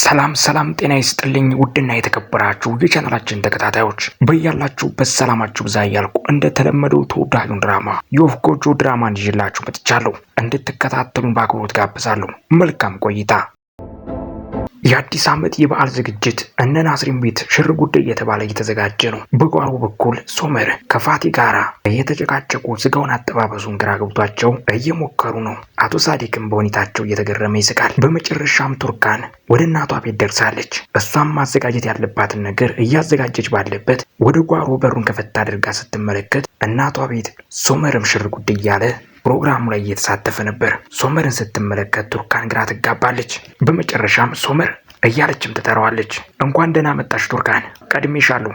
ሰላም ሰላም፣ ጤና ይስጥልኝ ውድና የተከበራችሁ የቻናላችን ተከታታዮች በያላችሁበት ሰላማችሁ ብዛ እያልኩ እንደተለመደው ተወዳጁን ድራማ የወፍ ጎጆ ድራማን ይዤላችሁ መጥቻለሁ። እንድትከታተሉን በአክብሮት ጋብዛለሁ። መልካም ቆይታ። የአዲስ ዓመት የበዓል ዝግጅት እነ ናስሪን ቤት ሽር ጉዳይ እየተባለ እየተዘጋጀ ነው። በጓሮ በኩል ሶመር ከፋቲ ጋራ እየተጨቃጨቁ ስጋውን አጠባበሱን ግራ ገብቷቸው እየሞከሩ ነው። አቶ ሳዲቅም በሁኔታቸው እየተገረመ ይስቃል። በመጨረሻም ቱርካን ወደ እናቷ ቤት ደርሳለች። እሷም ማዘጋጀት ያለባትን ነገር እያዘጋጀች ባለበት ወደ ጓሮ በሩን ከፈታ አድርጋ ስትመለከት እናቷ ቤት ሶመርም ሽር ጉዳይ እያለ ፕሮግራሙ ላይ እየተሳተፈ ነበር። ሶመርን ስትመለከት ቱርካን ግራ ትጋባለች። በመጨረሻም ሶመር እያለችም ትጠራዋለች። እንኳን ደህና መጣሽ ቱርካን፣ ቀድሜሻለሁ።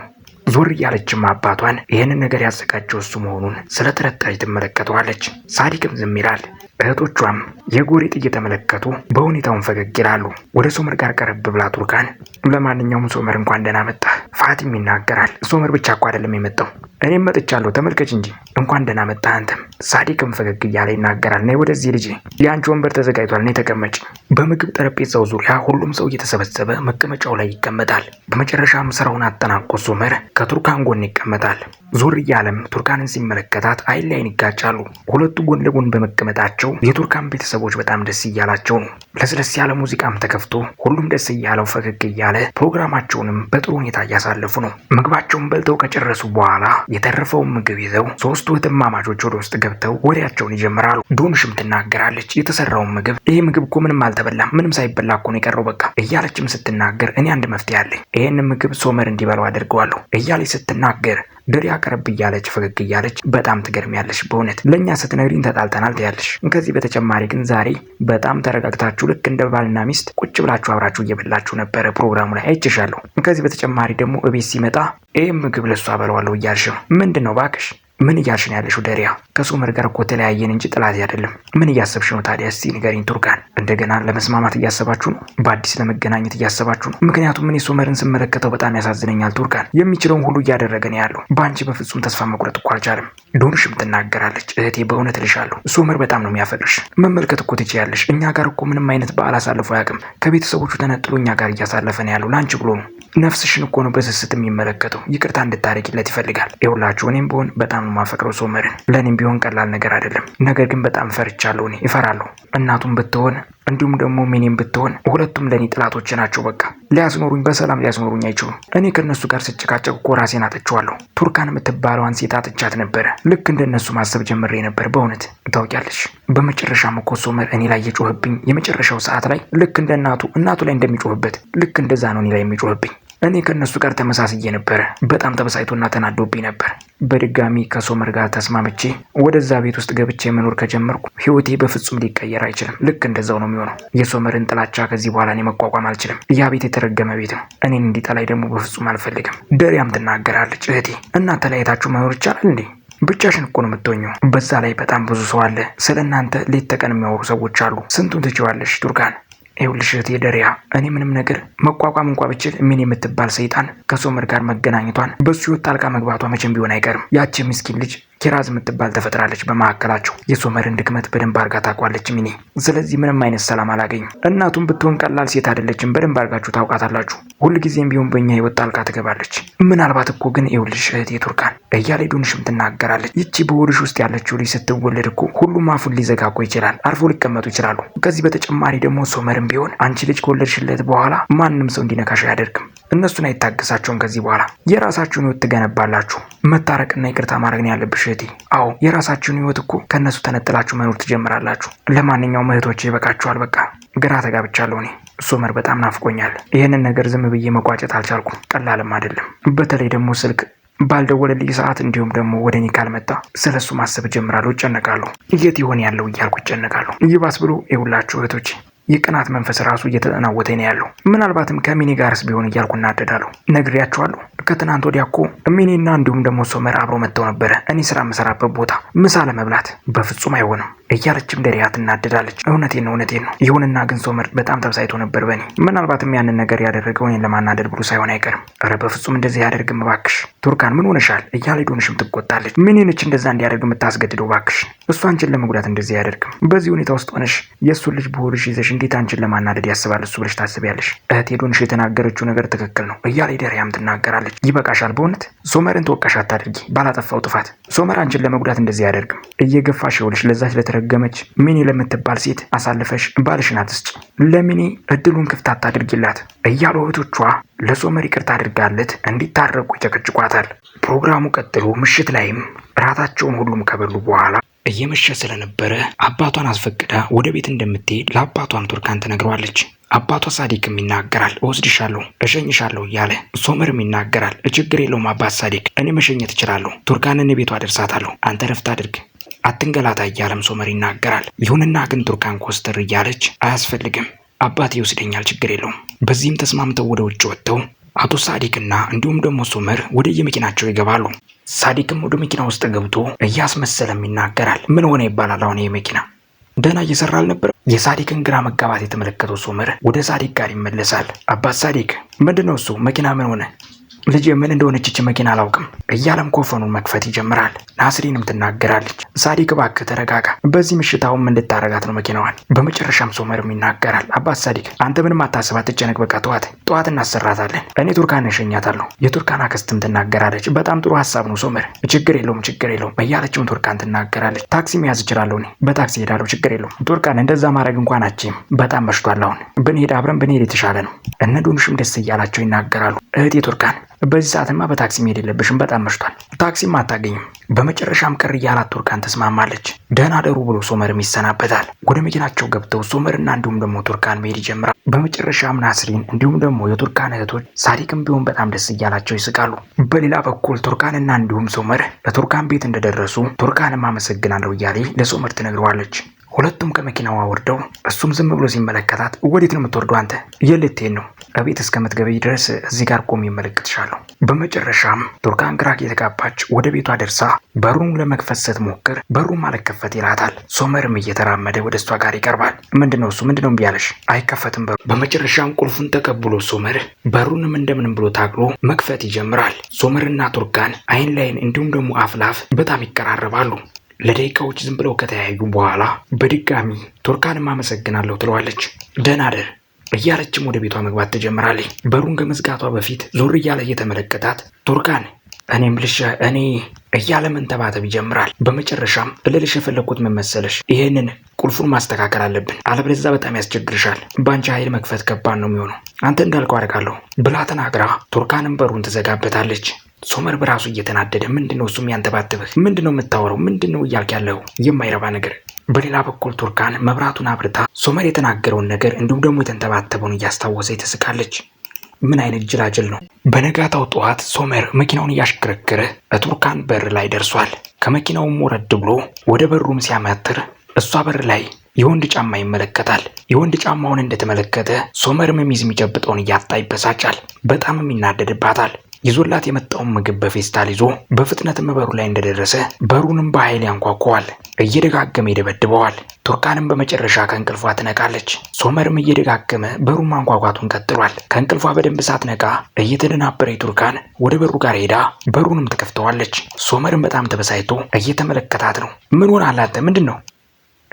ዞር እያለችም አባቷን ይህንን ነገር ያዘጋጀው እሱ መሆኑን ስለተረጠረች ትመለከተዋለች። ሳዲቅም ዝም ይላል። እህቶቿም የጎሪጥ እየተመለከቱ በሁኔታውን ፈገግ ይላሉ። ወደ ሶመር ጋር ቀረብ ብላ ቱርካን ለማንኛውም ሶመር እንኳን ደህና መጣ ፋቲም ይናገራል። ሶመር ብቻ እኮ አይደለም የመጣው እኔም መጥቻለሁ፣ ተመልከች እንጂ እንኳን ደህና መጣ አንተም። ሳዲቅም ፈገግ እያለ ይናገራል። ነይ ወደዚህ ልጅ የአንቺ ወንበር ተዘጋጅቷል፣ ነይ ተቀመጭ። በምግብ ጠረጴዛው ዙሪያ ሁሉም ሰው እየተሰበሰበ መቀመጫው ላይ ይቀመጣል። በመጨረሻም ስራውን አጠናቆ ሶመር ከቱርካን ጎን ይቀመጣል። ዞር እያለም ቱርካንን ሲመለከታት አይን ላይን ይጋጫሉ። ሁለቱ ጎን ለጎን በመቀመጣቸው ሲያዩቸው የቱርካን ቤተሰቦች በጣም ደስ እያላቸው ነው። ለስለስ ያለ ሙዚቃም ተከፍቶ ሁሉም ደስ እያለው ፈገግ እያለ ፕሮግራማቸውንም በጥሩ ሁኔታ እያሳለፉ ነው። ምግባቸውን በልተው ከጨረሱ በኋላ የተረፈውን ምግብ ይዘው ሶስቱ እህትማማቾች ወደ ውስጥ ገብተው ወሬያቸውን ይጀምራሉ። ዶንሽም ትናገራለች የተሰራውን ምግብ ይህ ምግብ እኮ ምንም አልተበላም፣ ምንም ሳይበላ እኮ ነው የቀረው በቃ እያለችም ስትናገር እኔ አንድ መፍትሄ አለኝ፣ ይህን ምግብ ሶመር እንዲበላው አድርገዋለሁ እያለች ስትናገር ድሪ አቅርብ እያለች ፈገግ እያለች በጣም ትገርሚያለሽ። በእውነት ለእኛ ስትነግሪን ተጣልተናል ትያለሽ። ከዚህ በተጨማሪ ግን ዛሬ በጣም ተረጋግታችሁ ልክ እንደ ባልና ሚስት ቁጭ ብላችሁ አብራችሁ እየበላችሁ ነበረ ፕሮግራሙ ላይ አይችሻለሁ። ከዚህ በተጨማሪ ደግሞ እቤት ሲመጣ ይህ ምግብ ለሷ አበለዋለሁ እያልሽ ነው። ምንድን ነው ባክሽ ምን እያልሽ ነው ያለሽው ደሪያ? ከሶመር ጋር እኮ ተለያየን እንጂ ጥላት አይደለም። ምን እያሰብሽ ነው ታዲያ? እስቲ ንገሪኝ ቱርካን። እንደገና ለመስማማት እያሰባችሁ ነው? በአዲስ ለመገናኘት እያሰባችሁ ነው? ምክንያቱም እኔ ሶመርን ስመለከተው በጣም ያሳዝነኛል ቱርካን። የሚችለውን ሁሉ እያደረገ ነው ያለው። በአንቺ በፍጹም ተስፋ መቁረጥ እኮ አልቻለም። ዶንሽም ትናገራለች። እህቴ በእውነት እልሻለሁ፣ ሶመር በጣም ነው የሚያፈቅርሽ። መመልከት እኮ ትችያለሽ። እኛ ጋር እኮ ምንም አይነት በዓል አሳልፎ አያውቅም። ከቤተሰቦቹ ተነጥሎ እኛ ጋር እያሳለፈ ነው ያለው። ለአንቺ ብሎ ነው ነፍስሽን እኮ ነው በስስት የሚመለከተው። ይቅርታ እንድታረጊለት ይፈልጋል። ይኸውላችሁ እኔም ቢሆን በጣም ነው ማፈቅረው ሶመርን። ለእኔም ቢሆን ቀላል ነገር አይደለም። ነገር ግን በጣም ፈርቻለሁ። እኔ ይፈራለሁ። እናቱም ብትሆን እንዲሁም ደግሞ ሚኒም ብትሆን ሁለቱም ለእኔ ጥላቶች ናቸው። በቃ ሊያስኖሩኝ በሰላም ሊያስኖሩኝ አይችሉም። እኔ ከእነሱ ጋር ስጨቃጨቅ እኮ ራሴን አጥቼዋለሁ። ቱርካን የምትባለዋን ሴት አጥቻት ነበረ። ልክ እንደነሱ ማሰብ ጀምሬ ነበር። በእውነት ታውቂያለሽ። በመጨረሻም እኮ ሶመር እኔ ላይ የጮህብኝ የመጨረሻው ሰዓት ላይ ልክ እንደ እናቱ እናቱ ላይ እንደሚጮህበት ልክ እንደዛ ነው እኔ ላይ የሚጮህብኝ። እኔ ከእነሱ ጋር ተመሳስዬ ነበረ። በጣም ተበሳይቶና ተናዶብኝ ነበር። በድጋሚ ከሶመር ጋር ተስማምቼ ወደዛ ቤት ውስጥ ገብቼ መኖር ከጀመርኩ ህይወቴ በፍጹም ሊቀየር አይችልም። ልክ እንደዛው ነው የሚሆነው። የሶመርን ጥላቻ ከዚህ በኋላ እኔ መቋቋም አልችልም። ያ ቤት የተረገመ ቤት ነው። እኔን እንዲጠላይ ደግሞ በፍጹም አልፈልግም። ደሪያም ትናገራለች፣ እህቴ እና ተለያየታችሁ መኖር ይቻላል እንዴ? ብቻሽን እኮ ነው የምትወኘው። በዛ ላይ በጣም ብዙ ሰው አለ። ስለ እናንተ ሌት ተቀን የሚያወሩ ሰዎች አሉ። ስንቱን ትችዋለሽ ቱርካን? ይኸውልሽ እህቴ ደሪያ፣ እኔ ምንም ነገር መቋቋም እንኳ ብችል ምን የምትባል ሰይጣን ከሶመር ጋር መገናኘቷን በሱ ህይወት ጣልቃ መግባቷ መቼም ቢሆን አይቀርም። ያቺ ምስኪን ልጅ ኪራዝ የምትባል ተፈጥራለች በመካከላቸው። የሶመርን ድክመት በደንብ አርጋ ታውቋለች ሚኒ። ስለዚህ ምንም አይነት ሰላም አላገኝም። እናቱም ብትሆን ቀላል ሴት አይደለችም። በደንብ አርጋችሁ ታውቃታላችሁ። ሁልጊዜም ቢሆን በእኛ ህይወት ጣልቃ ትገባለች። ምናልባት እኮ ግን ይኸውልሽ እህቴ ቱርካን እያለ ዱንሽም ትናገራለች። ይቺ በሆድሽ ውስጥ ያለችው ልጅ ስትወለድ እኮ ሁሉም አፉን ሊዘጋ እኮ ይችላል፣ አርፎ ሊቀመጡ ይችላሉ። ከዚህ በተጨማሪ ደግሞ ሶመርም ቢሆን አንቺ ልጅ ከወለድሽለት በኋላ ማንም ሰው እንዲነካሽ አያደርግም። እነሱን አይታገሳቸውም። ከዚህ በኋላ የራሳችሁን ህይወት ትገነባላችሁ። መታረቅና ይቅርታ ማድረግ ነው ያለብሽ እህቴ። አዎ የራሳችሁን ህይወት እኮ ከእነሱ ተነጥላችሁ መኖር ትጀምራላችሁ። ለማንኛውም እህቶች ይበቃችኋል። በቃ ግራ ተጋብቻለሁ እኔ ሶመር በጣም ናፍቆኛል። ይህንን ነገር ዝም ብዬ መቋጨት አልቻልኩም። ቀላልም አይደለም። በተለይ ደግሞ ስልክ ባልደወለልኝ ሰዓት እንዲሁም ደግሞ ወደ እኔ ካልመጣ ስለ እሱ ማሰብ እጀምራለሁ፣ እጨነቃለሁ። የት ይሆን ያለው እያልኩ እጨነቃለሁ። ይባስ ብሎ ይሁላችሁ እህቶች የቅናት መንፈስ ራሱ እየተጠናወተኝ ነው ያለው። ምናልባትም ከሚኒ ጋርስ ቢሆን እያልኩ እናደዳለሁ። ነግሬያቸዋለሁ። ከትናንት ወዲያ እኮ ሚኒና እንዲሁም ደግሞ ሶመር አብሮ መጥተው ነበረ እኔ ስራ መሰራበት ቦታ ምሳ ለመብላት። በፍጹም አይሆንም። እያለችም ደሪያ ትናደዳለች። እውነቴን ነው እውነቴን ነው። ይሁንና ግን ሶመር በጣም ተብሳይቶ ነበር በእኔ ምናልባትም ያንን ነገር ያደረገው እኔን ለማናደድ ብሎ ሳይሆን አይቀርም። ኧረ በፍጹም እንደዚህ አያደርግም እባክሽ ቱርካን፣ ምን ሆነሻል? እያለ ዶንሽም ትቆጣለች። ምን ሆነች እንደዛ እንዲያደርግ የምታስገድደው እባክሽ? እሱ አንቺን ለመጉዳት እንደዚህ አያደርግም። በዚህ ሁኔታ ውስጥ ሆነሽ የእሱን ልጅ በሆድሽ ይዘሽ እንዴት አንቺን ለማናደድ ያስባል እሱ ብለሽ ታስቢያለሽ? እህቴ ዶንሽ የተናገረችው ነገር ትክክል ነው እያለ ደሪያም ትናገራለች። ይበቃሻል፣ በእውነት ሶመርን ተወቃሽ አታድርጊ። ባላጠፋው ጥፋት ሶመር አንቺን ለመጉዳት እንደዚህ አያደርግም። እየገፋሽ ይኸውልሽ ለዛች ለትረ ተረገመች። ሚኒ ለምትባል ሴት አሳልፈሽ ባልሽን አትስጭ፣ ለሚኒ እድሉን ክፍት አታድርጊላት እያሉ እህቶቿ ለሶመር ይቅርታ አድርጋለት እንዲታረቁ ይጨቀጭቋታል። ፕሮግራሙ ቀጥሎ ምሽት ላይም እራታቸውን ሁሉም ከበሉ በኋላ እየመሸ ስለነበረ አባቷን አስፈቅዳ ወደ ቤት እንደምትሄድ ለአባቷም ቱርካን ትነግረዋለች። አባቷ ሳዲክም ይናገራል። እወስድሻለሁ፣ እሸኝሻለሁ እያለ ሶመርም ይናገራል። ችግር የለውም አባት ሳዲክ፣ እኔ መሸኘት እችላለሁ። ቱርካንን ቤቷ አደርሳታለሁ። አንተ ረፍት አድርግ፣ አትንገላታ እያለም ሶመር ይናገራል። ይሁንና ግን ቱርካን ኮስተር እያለች አያስፈልግም አባቴ ይወስደኛል፣ ችግር የለውም። በዚህም ተስማምተው ወደ ውጭ ወጥተው አቶ ሳዲቅና እንዲሁም ደግሞ ሶመር ወደ የመኪናቸው ይገባሉ። ሳዲቅም ወደ መኪና ውስጥ ገብቶ እያስመሰለም ይናገራል። ምን ሆነ ይባላል። አሁን የመኪና ደህና እየሰራ አልነበር? የሳዲቅን ግራ መጋባት የተመለከተው ሶመር ወደ ሳዲቅ ጋር ይመለሳል። አባት ሳዲቅ ምንድነው እሱ መኪና ምን ሆነ? ልጅ ምን እንደሆነች ይቺ መኪና አላውቅም እያለም ኮፈኑን መክፈት ይጀምራል። ናስሪንም ትናገራለች። ሳዲቅ እባክህ ተረጋጋ፣ በዚህ ምሽታውም እንድታረጋት ነው መኪናዋን? በመጨረሻም ሶመርም ይናገራል። አባት ሳዲቅ አንተ ምንም አታስብ፣ አትጨነቅ፣ በቃ ተዋት፣ ጠዋት እናሰራታለን። እኔ ቱርካን እሸኛታለሁ። የቱርካን አክስትም ትናገራለች። በጣም ጥሩ ሀሳብ ነው ሶመር፣ ችግር የለውም፣ ችግር የለውም እያለችም ቱርካን ትናገራለች። ታክሲ መያዝ እችላለሁ፣ እኔ በታክሲ ሄዳለሁ፣ ችግር የለውም። ቱርካን እንደዛ ማድረግ እንኳን አችም፣ በጣም መሽቷል። አሁን ብንሄድ አብረን ብንሄድ የተሻለ ነው። እነ ዱንሽም ደስ እያላቸው ይናገራሉ። እህቴ ቱርካን በዚህ ሰዓትማ በታክሲ መሄድ የለብሽም፣ በጣም መሽቷል፣ ታክሲም አታገኝም። በመጨረሻም ቅር እያላት ቱርካን ተስማማለች። ደህና ደሩ ብሎ ሶመርም ይሰናበታል። ወደ መኪናቸው ገብተው ሶመርና እንዲሁም ደግሞ ቱርካን መሄድ ይጀምራል። በመጨረሻም ናስሪን እንዲሁም ደግሞ የቱርካን እህቶች ሳዲቅም ቢሆን በጣም ደስ እያላቸው ይስቃሉ። በሌላ በኩል ቱርካንና እንዲሁም ሶመር ለቱርካን ቤት እንደደረሱ ቱርካንም አመሰግናለሁ እያለ ለሶመር ትነግረዋለች። ሁለቱም ከመኪናዋ ወርደው እሱም ዝም ብሎ ሲመለከታት ወዴት ነው የምትወርደው አንተ? የልቴን ነው እቤት እስከምትገበይ ድረስ እዚህ ጋር ቆሜ እመለከትሻለሁ። በመጨረሻም ቱርካን ግራ የተጋባች ወደ ቤቷ ደርሳ በሩን ለመክፈት ስትሞክር በሩም አልከፈት ይላታል። ሶመርም እየተራመደ ወደ እሷ ጋር ይቀርባል። ምንድነው እሱ ምንድነው እምቢ አይከፈትም በሩ። በመጨረሻም ቁልፉን ተቀብሎ ሶመር በሩንም እንደምንም ብሎ ታግሎ መክፈት ይጀምራል። ሶመርና ቱርካን አይን ላይን እንዲሁም ደግሞ አፍላፍ በጣም ይቀራረባሉ። ለደቂቃዎች ዝም ብለው ከተያዩ በኋላ በድጋሚ ቱርካንም አመሰግናለሁ ትለዋለች። ደህና አደር እያለችም ወደ ቤቷ መግባት ትጀምራለች። በሩን ከመዝጋቷ በፊት ዞር እያለ እየተመለከታት ቱርካን እኔም ልሻ እኔ እያለ መንተባተብ ይጀምራል። በመጨረሻም እልልሽ የፈለግኩት መመሰለሽ ይህንን ቁልፉን ማስተካከል አለብን፣ አለበለዚያ በጣም ያስቸግርሻል። በአንቺ ኃይል መክፈት ከባድ ነው የሚሆነው። አንተ እንዳልከው አደርጋለሁ ብላ ተናግራ ቱርካንም በሩን ትዘጋበታለች። ሶመር በራሱ እየተናደደ ምንድን ነው እሱ የሚያንተባትብህ ምንድን ነው የምታወረው ምንድን ነው እያልክ ያለው የማይረባ ነገር በሌላ በኩል ቱርካን መብራቱን አብርታ ሶመር የተናገረውን ነገር እንዲሁም ደግሞ የተንተባተበውን እያስታወሰ ትስቃለች ምን አይነት ጅላጅል ነው በነጋታው ጠዋት ሶመር መኪናውን እያሽከረከረ ቱርካን በር ላይ ደርሷል ከመኪናውም ወረድ ብሎ ወደ በሩም ሲያመትር እሷ በር ላይ የወንድ ጫማ ይመለከታል። የወንድ ጫማውን እንደተመለከተ ሶመርም ሚዝ የሚጨብጠውን እያጣ ይበሳጫል። በጣም ይናደድባታል። ይዞላት የመጣውን ምግብ በፌስታል ይዞ በፍጥነትም በሩ ላይ እንደደረሰ በሩንም በኃይል ያንኳኳዋል። እየደጋገመ ይደበድበዋል። ቱርካንም በመጨረሻ ከእንቅልፏ ትነቃለች። ሶመርም እየደጋገመ በሩን ማንኳኳቱን ቀጥሏል። ከእንቅልፏ በደንብ ሳትነቃ እየተደናበረ ቱርካን ወደ በሩ ጋር ሄዳ በሩንም ትከፍተዋለች። ሶመርም በጣም ተበሳይቶ እየተመለከታት ነው። ምን ሆነ አላተ ምንድን ነው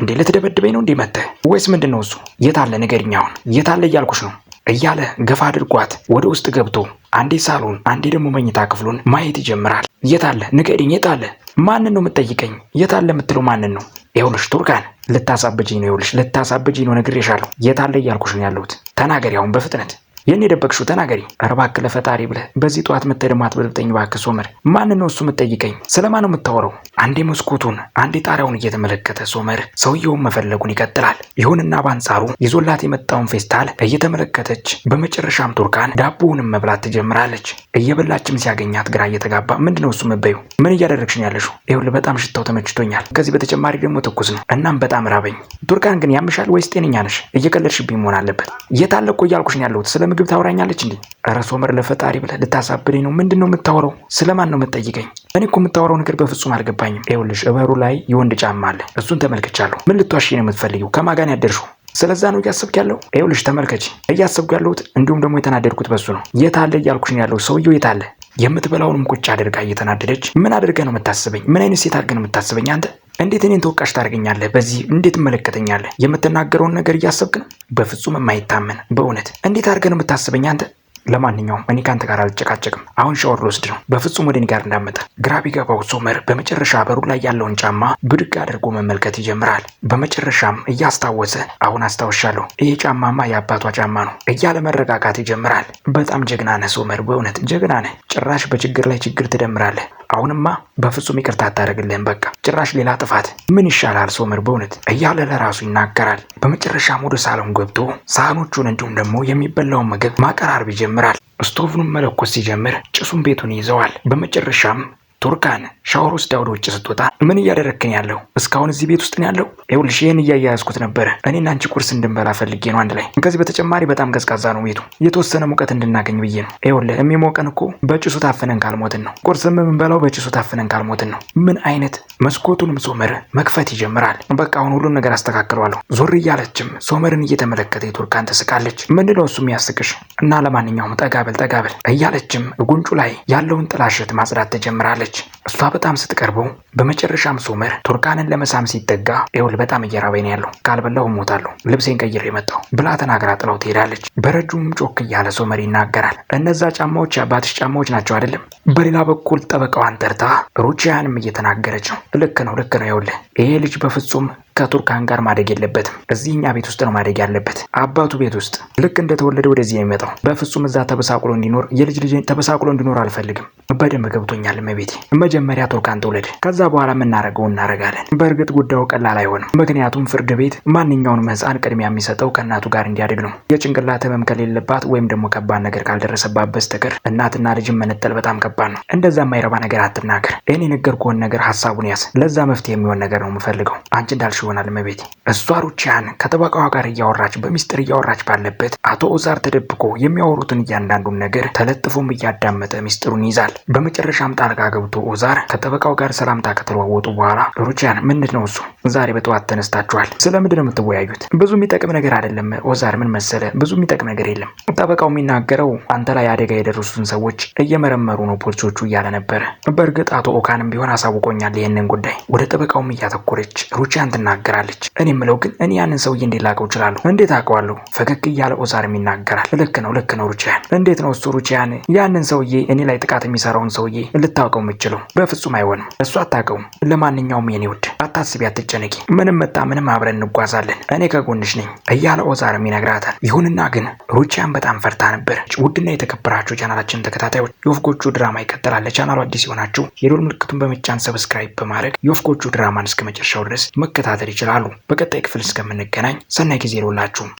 እንዴ? ልትደበድበኝ ነው እንዴ መተ? ወይስ ምንድን ነው እሱ? የታለ ንገሪኝ፣ አሁን የታለ እያልኩሽ ነው እያለ ገፋ አድርጓት ወደ ውስጥ ገብቶ አንዴ ሳሎን፣ አንዴ ደግሞ መኝታ ክፍሉን ማየት ይጀምራል። የት የታለ ንገሪኝ፣ አለ? ማንን ነው የምጠይቀኝ? አለ የምትለው ማንን ነው? ይኸውልሽ ቱርካን ልታሳብጅኝ ነው፣ ይኸውልሽ ልታሳብጅኝ ነው፣ ነግሬሻለሁ። የታለ እያልኩሽ ነው ያለሁት። ተናገሪ አሁን በፍጥነት የኔ ደበቅሽው ተናገሪ። ኧረ እባክህ ለፈጣሪ ብለህ በዚህ ጠዋት መተህ ደግሞ አትበልብጠኝ እባክህ ሶመር። ማን ነው እሱ የምትጠይቀኝ? ስለማን ነው የምታወራው? አንዴ መስኮቱን አንዴ ጣሪያውን እየተመለከተ ሶመር ሰውየውን መፈለጉን ይቀጥላል። ይሁንና በአንጻሩ ይዞላት የመጣውን ፌስታል እየተመለከተች በመጨረሻም ቱርካን ዳቦውንም መብላት ትጀምራለች። እየበላችም ሲያገኛት ግራ እየተጋባ ምንድነው እሱ መበዩ? ምን እያደረግሽ ነው ያለሽው? ይኸውልህ በጣም ሽታው ተመችቶኛል። ከዚህ በተጨማሪ ደግሞ ትኩስ ነው። እናም በጣም ራበኝ። ቱርካን ግን ያምሻል ወይስ ጤነኛ ነሽ? እየቀለድሽብኝ መሆን አለበት። የታለ እያልኩሽ ነው ያለሁት ስለ ምግብ ታውራኛለች እንዴ? እረ ሶመር ለፈጣሪ ብለህ ልታሳብደኝ ነው። ምንድን ነው የምታወራው? ስለማን ነው የምትጠይቀኝ? እኔ እኮ የምታወራው ነገር በፍጹም አልገባኝም። ይኸውልሽ እበሩ ላይ የወንድ ጫማ አለ፣ እሱን ተመልክቻለሁ። ምን ልትዋሺ ነው የምትፈልጊው? ከማጋን ያደርሹ ስለዛ ነው እያሰብክ ያለው? ይኸውልሽ ተመልከች፣ እያሰብኩ ያለሁት እንዲሁም ደግሞ የተናደድኩት በሱ ነው። የት አለ እያልኩሽ ነው ያለው። ሰውየው የት አለ? የምትበላውንም ቁጭ አድርጋ እየተናደደች ምን አድርገህ ነው የምታስበኝ? ምን አይነት ሴት አድርገህ ነው የምታስበኝ አንተ? እንዴት እኔን ተወቃሽ ታደርገኛለህ? በዚህ እንዴት ትመለከተኛለህ? የምትናገረውን ነገር እያሰብክ ነው። በፍጹም የማይታመን በእውነት እንዴት አድርገህ ነው የምታስበኝ አንተ? ለማንኛውም እኔ ከአንተ ጋር አልጨቃጨቅም። አሁን ሻወር ልወስድ ነው። በፍጹም ወደ እኔ ጋር እንዳመጣ ግራ ቢገባው ሶመር በመጨረሻ በሩ ላይ ያለውን ጫማ ብድግ አድርጎ መመልከት ይጀምራል። በመጨረሻም እያስታወሰ አሁን አስታውሻለሁ፣ ይሄ ጫማማ የአባቷ ጫማ ነው እያለ መረጋጋት ይጀምራል። በጣም ጀግና ነህ ሶመር፣ በእውነት ጀግና ነህ። ጭራሽ በችግር ላይ ችግር ትደምራለህ። አሁንማ በፍጹም ይቅርታ አታደርግልህም። በቃ ጭራሽ ሌላ ጥፋት ምን ይሻላል ሶመር በእውነት እያለ ለራሱ ይናገራል። በመጨረሻም ወደ ሳሎን ገብቶ ሳህኖቹን እንዲሁም ደግሞ የሚበላውን ምግብ ማቀራረብ ይጀምራል። ይጀምራል። ስቶቭኑን መለኮስ ሲጀምር ጭሱን ቤቱን ይዘዋል። በመጨረሻም ቱርካን ሻወር ውስጥ ወደ ውጭ ስትወጣ ምን እያደረግክን ያለው? እስካሁን እዚህ ቤት ውስጥ ነው ያለው? ይኸውልሽ ይህን እያያያዝኩት ነበረ። እኔና አንቺ ቁርስ እንድንበላ ፈልጌ ነው አንድ ላይ። ከዚህ በተጨማሪ በጣም ቀዝቃዛ ነው ቤቱ፣ የተወሰነ ሙቀት እንድናገኝ ብዬ ነው። ይኸውልህ የሚሞቀን እኮ በጭሱ ታፍነን ካልሞትን ነው። ቁርስም የምንበላው በጭሱ ታፍነን ካልሞትን ነው። ምን አይነት መስኮቱንም ሶመር መክፈት ይጀምራል። በቃ አሁን ሁሉን ነገር አስተካክሏለሁ። ዞር እያለችም ሶመርን እየተመለከተ የቱርካን ትስቃለች። ምንድን እሱም እሱ የሚያስቅሽ? እና ለማንኛውም ጠጋበል ጠጋበል እያለችም ጉንጩ ላይ ያለውን ጥላሸት ማጽዳት ትጀምራለች። ትቀርበዋለች። እሷ በጣም ስትቀርበው በመጨረሻም ሶመር ቱርካንን ለመሳም ሲጠጋ ኤውል በጣም እየራበኝ ነው ያለው ካልበላሁ እሞታለሁ ልብሴን ቀይሬ የመጣው ብላ ተናግራ ጥላው ትሄዳለች። በረጅሙም ጮክ እያለ ሶመር ይናገራል። እነዛ ጫማዎች የአባትሽ ጫማዎች ናቸው አይደለም። በሌላ በኩል ጠበቃዋን ጠርታ ሩቺያንም እየተናገረች ነው። ልክ ነው ልክ ነው፣ ይኸውልህ ይሄ ልጅ በፍጹም ከቱርካን ጋር ማደግ የለበትም። እዚህኛ ቤት ውስጥ ነው ማደግ ያለበት፣ አባቱ ቤት ውስጥ ልክ እንደተወለደ ወደዚህ የሚመጣው። በፍጹም እዛ ተበሳቅሎ እንዲኖር የልጅ ልጅ ተበሳቁሎ እንዲኖር አልፈልግም። በደንብ ገብቶኛል እመቤቴ። መጀመሪያ ቱርካን ትውለድ፣ ከዛ በኋላ የምናረገው እናረጋለን። በእርግጥ ጉዳዩ ቀላል አይሆንም። ምክንያቱም ፍርድ ቤት ማንኛውንም ህፃን ቅድሚያ የሚሰጠው ከእናቱ ጋር እንዲያድግ ነው። የጭንቅላት ህመም ከሌለባት ወይም ደግሞ ከባድ ነገር ካልደረሰባት በስተቀር እናትና ልጅን መነጠል በጣም ከባድ ነው። እንደዛ የማይረባ ነገር አትናገር። እኔ የነገርኩህን ነገር ሀሳቡን ያዝ። ለዛ መፍትሄ የሚሆን ነገር ነው የምፈልገው አንቺ እንዳልሽ ይሆናል መቤቴ። እሷ ሩቺያን ከጠበቃዋ ጋር እያወራች በሚስጥር እያወራች ባለበት አቶ ኦዛር ተደብቆ የሚያወሩትን እያንዳንዱን ነገር ተለጥፎም እያዳመጠ ሚስጥሩን ይዛል። በመጨረሻም ጣልቃ ገብቶ ኦዛር ከጠበቃው ጋር ሰላምታ ከተለዋወጡ በኋላ ሩቺያን ምንድን ነው እሱ ዛሬ በጠዋት ተነስታችኋል፣ ስለምንድን ነው የምትወያዩት? ብዙ የሚጠቅም ነገር አይደለም ኦዛር። ምን መሰለ ብዙ የሚጠቅም ነገር የለም። ጠበቃው የሚናገረው አንተ ላይ አደጋ የደረሱትን ሰዎች እየመረመሩ ነው ፖሊሶቹ እያለ ነበረ። በእርግጥ አቶ ኦካንም ቢሆን አሳውቆኛል ይህንን ጉዳይ። ወደ ጠበቃውም እያተኮረች ሩቺያን ትና ትናገራለች። እኔ ምለው ግን እኔ ያንን ሰውዬ እንዴት ላቀው እችላለሁ? እንዴት አውቀዋለሁ? ፈገግ እያለ ኦዛርም ይናገራል። ልክ ነው ልክ ነው ሩቺያን። እንዴት ነው እሱ ሩቺያን ያንን ሰውዬ እኔ ላይ ጥቃት የሚሰራውን ሰውዬ ልታውቀው የምችለው? በፍጹም አይሆንም። እሱ አታውቀውም። ለማንኛውም የኔ ውድ አታስቢ፣ አትጨነቂ። ምንም መጣ ምንም አብረን እንጓዛለን። እኔ ከጎንሽ ነኝ እያለ ኦዛርም ይነግራታል። ይሁንና ግን ሩቺያን በጣም ፈርታ ነበር። ውድና የተከበራችሁ ቻናላችን ተከታታዮች የወፍ ጎጆ ድራማ ይቀጥላል። ለቻናሉ አዲስ የሆናችሁ የዶል ምልክቱን በመጫን ሰብስክራይብ በማድረግ የወፍ ጎጆ ድራማን እስከ መጨረሻው ድረስ መከታተል መከታተል ይችላሉ። በቀጣይ ክፍል እስከምንገናኝ ሰናይ ጊዜ ይሁንላችሁ።